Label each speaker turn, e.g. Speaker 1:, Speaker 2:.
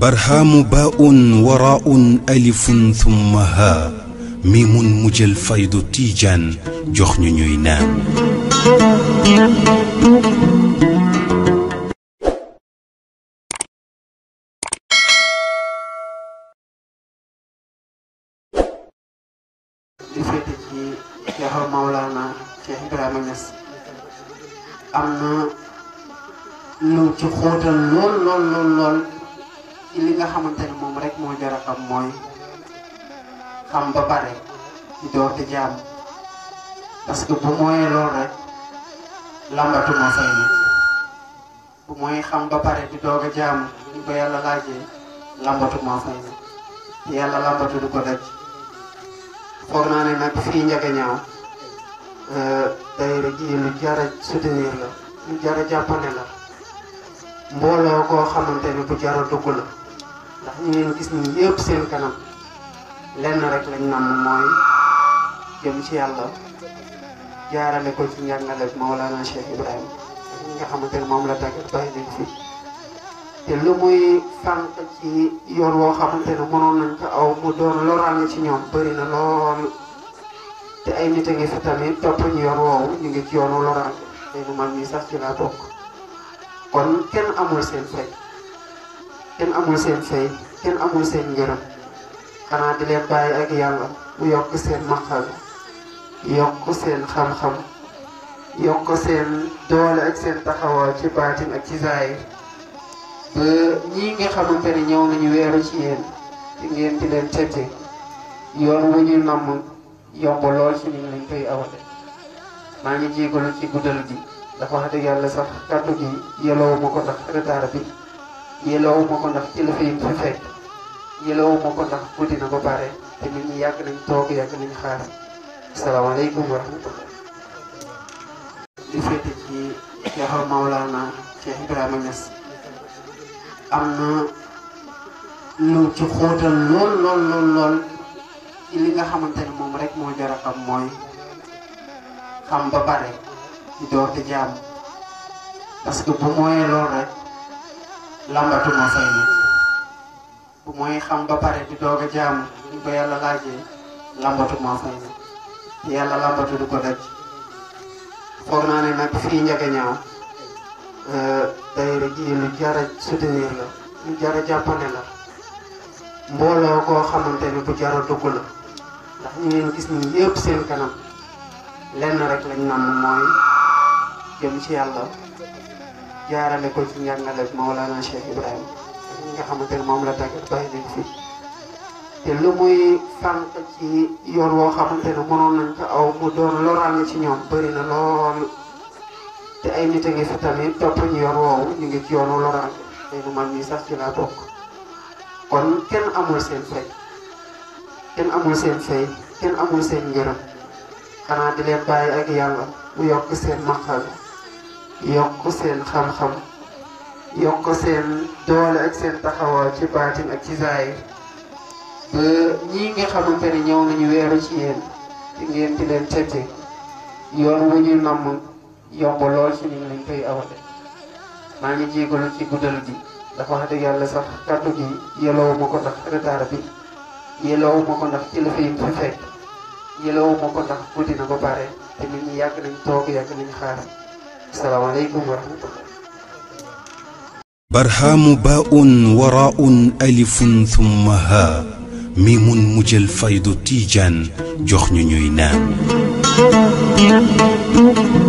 Speaker 1: برهام باء وراء ألف ثم ها ميم مجل فيض تيجان جخن نوينا أنا لو تخوت لول لول لول ci li nga xamantene mom rek mo jara xam moy xam ba bare do te jam parce que bu moy lo rek lambatu mo fay ni bu moy xam ba bare di doga jam ni ko yalla laaje lambatu moo fay ni yalla lambatu du ko daj foog naa ne nag fii Ndiaganiao dayra ji lu jar a soutenir la lu jara jappane la mbolo ko xamante bu jar la ndax ñi ngeen gis ñi yëpp seen kanam lenn rek lañ nam mooy jëm ci yàlla jaarale ko ci njàngaleeg Maolana Cheikh Ibrahima ak ñi nga xamante ne moom la tàggat bàyyi leen fi te lu muy fànq ci yoon woo xamante ne mënoon nañ ko aw mu doon loraange ci ñoom bëri lool te ay nit a ngi fi tamit topp ñu yoon woowu ñu ngi ci yoonu loraange te nu man mii sax ci laa bokk kon kenn amul seen fay kenn amul seen fay kenn amul seen ngërëm xanaa di leen bàyyi ak yàlla mu yokk seen maqal yokk seen xam-xam yokk seen doole ak seen taxawaay ci baatin ak ci zaahir ba ñii nga xamante ne ñëw nañu weeru ci yéen ngeen di leen tette yoon wu ñu namm yomb lool ci ni lañ koy awale maa ngi jégalu ci guddal gi dafa wax yàlla sax kàddu gi yeloo ma ko ndax retard bi yeloowu ma ndax ci la fay fi fek yeloowu ma ndax guddi na ba pare te nit ñi yàgg nañ tok yàgg nañ xaar assalamu alaykum wa rahmatullahi di féete ci Cheikh Maulana Cheikh Ibrahima ness amna lu ci xootal lool lool lool lool ci li nga xamantene ne moom rek moo jara xam mooy xam ba pare di door di jaam parce que bu mooyee eh, lool rek. Eh. làmbatuma fay mooy xam ba pare di doog a jaamu ñu ko yàlla laajee làmbatuma fay na te yàlla làmbatu du ko daj foog naa ne nag fii njëge ñaaw day euh, rek yi lu jar a soutenir la lu jar a jàppane la mbooloo koo xamante ni bu jar a dugg la ndax ñu ngeen gis ni yëpp seen kanam lenn rek lañ nam mooy jëm ci yàlla jaarale ko ci njàngaleeg Mawlana Cheikh Ibrahima ñi nga xamante ne moom la tàggat bàyyi nañ te lu muy sànq ci yoon woo xamante ne mënoon nañ ko aw mu doon loraange ci ñoom bëri na lool te ay nit a ngi fi tamit topp ñu yoon woowu ñu ngi ci yoon loraange xëy na man mii sax ci laa bokk kon kenn amul seen fay kenn amul seen fay kenn amul seen ngërëm xanaa di leen bàyyi ak mu yokk seen maqal yokk seen xam-xam yokk seen doole ak seen taxawa ci baatin ak ci zaayir ba ñii nga xamante ne ñëw nañu ci yéen di ngeen di leen tette yoon wu ñu namm yomb lool ci ñun lañ koy maa ngi jégalu ci guddal gi dafa wax dëgg yàlla sax kàddu gi yeloowu ma ko ndax retard bi yeloowu ma ndax kilifa yi fi fekk yeloowu ma ndax guddi ba pare te nit ñi yàgg nañ toog yàgg nañ xaar السلام عليكم ورحمة الله برهام باء وراء ألف ثم ها ميم مجل فيض تيجان جخن نام